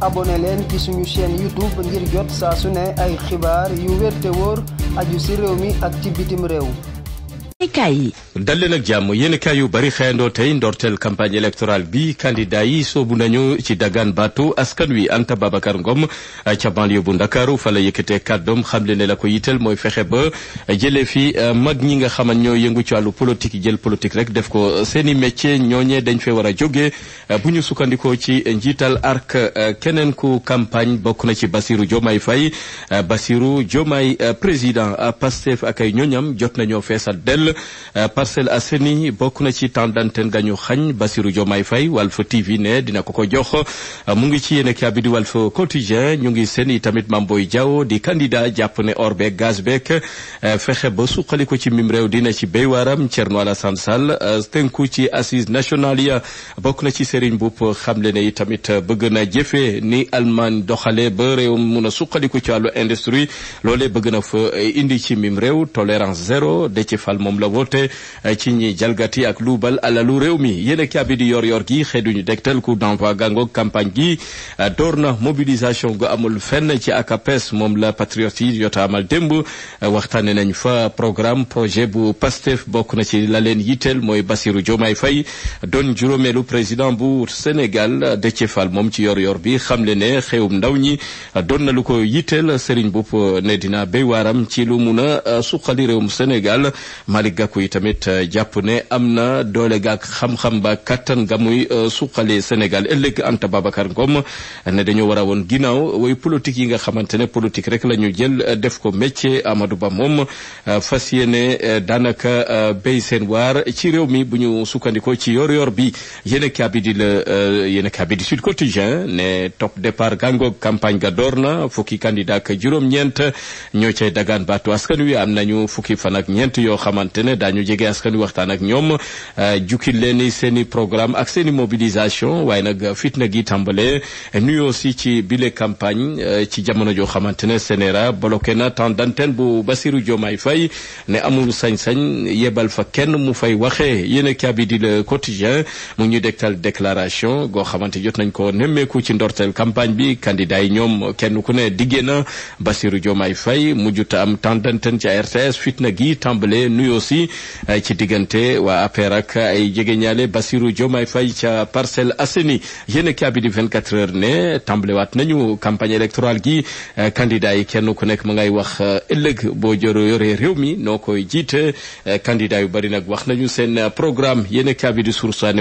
abone leen ci suñu chaîne YouTube ngir jot saa su ne ay xibaar yu wér te wóor ci réew mi ak ci bitim réew dal leen ak jàmm yéen kaay yu bari xëyandoo tey ndorteel campagne électorale bi candidat yi soobu nañu ci dagaan baatu askan wi Anta Babacar Ngom ca banlieue bu Ndakaaru fa la yëkkatee kàddoom xamle ne la ko yitteel mooy fexe ba jëlee fi euh, mag ñi nga xaman ñoo yëngu ci wàllu politique jël politique rek def ko seen i métier ñooñee dañ fee war a jógee euh, bu ñu sukkandikoo ci njiital arc euh, keneen ku campagne bokk na ci Bassirou Diomaye fay Bassirou Diomaye président Pastef ak ñoñam jot Euh, Parcelles Assainies bokk na ci temps d'antenne gañu xañ Bassirou Diomaye Faye Walf TV ne dina ko ko jox euh, mu ngi ci yéenekaay bi di Walf Quotidien ñu ngi seen i tamit Mame Boye Diao di candidat jàpp ne or beeg gaz beeg euh, fexe ba suqali ci mim réew dina ci béy waaram Thierno Alassane Sall tënku ci assise nationale ya bokk na ci Serigne Mboup xamle ne tamit bëgg na jëfee ni Allemagne doxalee ba réew mun a ci wàllu industrie loolee bëgg na fa indi ci mim réew tolérance zéro de ci fal moom la woote eh, ci ñi jalgati ak luubal alalu réew mi yéene kaabi di yor yor gi xeeduñu dektal coup d'envoi gàngoog campagne gi eh, door na mobilisation gu amul fenn ci akapes moom la patriote yi yota amal démb eh, waxtaane nañ fa programme projet bu pastef bokk na ci la leen yitteel mooy Bassirou Diomaye Faye doon juróomeelu président bu Sénégal Déthié Fall moom ci yor yor bi xamle ne xewum ndaw ñi doon na lu ko yitteel Serigne Bopp ne dina béy waaram ci lu mun a suqali réewum Sénégal Malick Gakou yi tamit euh, jàpp ne am na doole gaak xam-xam ba kattan ga muy euh, suqalee Sénégal ëllëg Anta Babacar Ngom ne dañoo war a woon ginnaaw way politique yi nga xamante ne politique rek la ñu jël euh, def ko métier Amadou Ba moom fas yéene daanaka béy seen waar ci réew mi bu ñu sukkandikoo ci yor-yor bi yéen kaabi di la yéen kaabi di Sud Quotidien ne top départ gàngoog campagne ga door na fukki candidat juróom-ñeent ñoo cay dagaan baatu askan wi am nañu fukki fan ñeent yoo xamante xamante ne daañu jege askan wi waxtaan ak ñoom euh, jukkil leen seen i programme ak seen i mobilisation waaye nag fitna gi tàmbale nuyoo si ci bile campagne euh, ci jamono joo xamante ne CNRA bloqué na temps d'antenne bu Bassirou Diomaye fay ne amul sañ-sañ yebal fa kenn mu fay waxee yéen a kaabi di le quotidien mu ñu dektal déclaration goo xamante jot nañ ko nemmeeku ci ndorteel campagne bi candidat yi ñoom kenn ku ne diggee na Bassirou Diomaye Faye mujjuta am temps d'antenne ci RTS fitna gi tàmbale nuyoo aussi ci diggante waa APR ak ay jegeñaale Bassirou Diomaye Faye ca Parcelles Assainies yéen a bi di ne heures ne tàmbalewaat nañu campagne électorale gi eh, candidat yi kenn ku nekk ma ngay wax eh, ëllëg boo joro yore réew mi noo koy jiite eh, candidat yu bari nag wax nañu seen programme yéen a bi di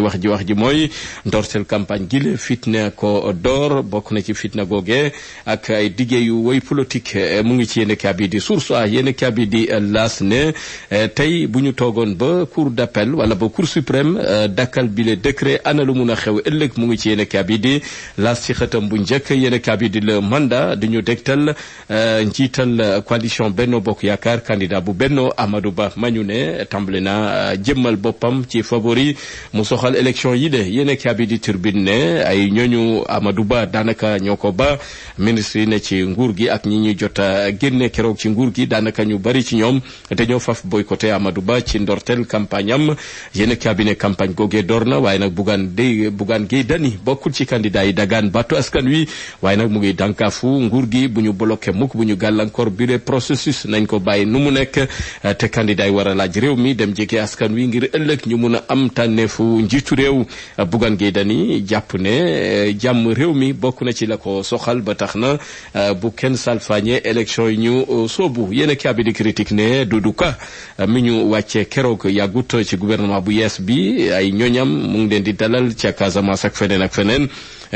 wax ji wax ji mooy ndorteel campagne gi la fitna ko door bokk na ci fitna googe ak ay yu woy politique mu ngi ci yéen a bi di sursa ah, yéen a bi laas ne tey tey bu ñu toogoon ba cour d'appel wala ba cour suprême euh, dakkal bile décret ana lu mun a xew ëllëg mu ngi ci yéen kaab yi di laas ci xëtam bu njëkk yéen kaab yi di le mandat di ñu dégtal euh, njiital coalition Benno Bokk Yaakaar candidat bu Benno Amadou Ba ma ñu ne tàmbali na euh, jëmmal boppam ci favori mu soxal élection yi de yéen kaab yi turbine ne ay ñooñu Amadou Ba daanaka ñoo ko ba ministre yi ne ci nguur gi ak ñi ñuy jot a génne keroog ci nguur gi daanaka ñu bari ci ñoom dañoo faf ma Ba ci ndorteel campagne am yéen cabinet campagne googee door na waaye nag bugaan de bugaan gi dani bokkul ci candidat yi dagaan battu askan wi waaye nag mu ngi dànkaafu nguur gi bu ñu bloqué mukk bu ñu gàllankoor bi le nañ ko bàyyi nu mu nekk te candidat yi war a laaj réew mi dem jege askan wi ngir ëllëg ñu mun a am tànneefu njiitu réew bugaan gi dani jàpp ne jàmm réew mi bokk na ci la ko soxal ba tax na bu kenn salfaañee élection yi ñu soobu yéen a ne Doudou ñu wàccee keroog yàggut ci gouvernement bu yees bi ay ñoñam mu ngi leen di dalal ca Casamance ak feneen ak feneen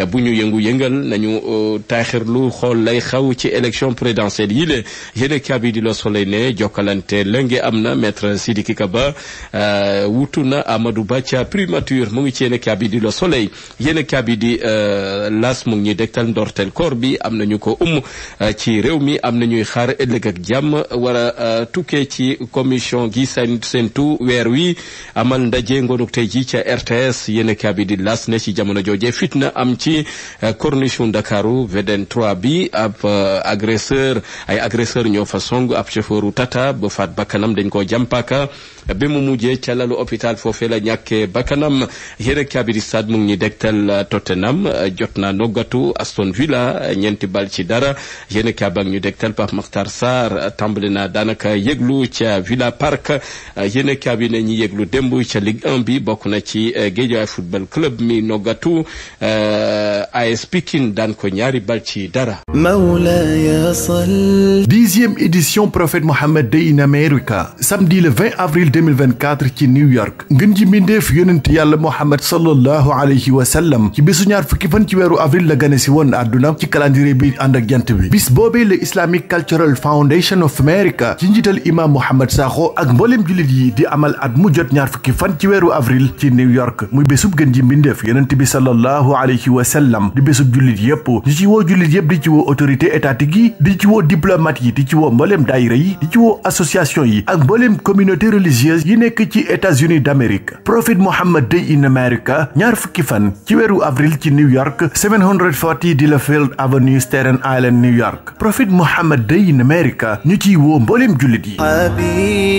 bu ñu yëngu-yëngal nañu euh, lu xool lay xaw ci élection présidentielle yi le yéene kabi di la Soleil ne jokkalante la am na maître Sidiki Kaba euh, wutu na amadu Ba ca primature mu ngi ci yéene kabi di la Soleil yéene kabi di euh, las mu ngi ñuy dektal ndorteel koor bi am nañu ko um ci réew mi am nañuy xaar ëllëg ak jàmm war a tukkee ci commission gi seen seentu weer wi amal ndaje ngoonuk tey ji ca RTS yéene kabi di las ne ci jamono jooje fitna am ci ci euh, corniche Ndakaaru VDN 3 bi ab euh, agresseur ay agresseur ñoo fa song ab chauffeuru tata bo faat bakkanam dañ ko jàmpaaka bi mu mujjee ca lalu hôpital foofee la ñàkkee bakkanam yéen ak kaabiri stade mu ngi ñuy dégtal euh, Tottenham euh, jot na noggatu Aston Villa euh, ñeenti bal ci dara yéen ak ñu dégtal Pape Makhtar Sarr tàmbali na daanaka yëglu ca Villa Park yéen ak yi ne ñi yëglu démb ca Ligue 1 bi bokk na ci Guédiawaye football club mi noggatu ay Pikine dan ko ñaari bal ci dara. Dixième édition Prophet Mohammed le 20 avril. 2024 ci New York ngën ji mbindeef yonent yàlla Muhammad sallallahu alayhi wa ci bisu ñaar fukki fan ci weeru avril la gane si woon ci calendrier bi ànd ak jant bi bis boobee le Islamic Cultural Foundation of America ci njiital imam Mouhamed Sakho ak mbooleem jullit yi di amal at mu ñaar fukki fan ci weeru avril ci New York muy bésub gën ji mbindeef yonent bi sallallahu alayhi wa di bésub jullit yépp di ci woo autorité étatique yi di ci woo diplomate yi di religieuse yi nekk ci États-Unis d'Amérique Prophet Muhammad Day in America ñaar fukki fan ci weeru avril ci New York 740 Delafield Avenue Staten Island New York Prophet Muhammad Day in America ñu ciy woo mbooleem jullit yi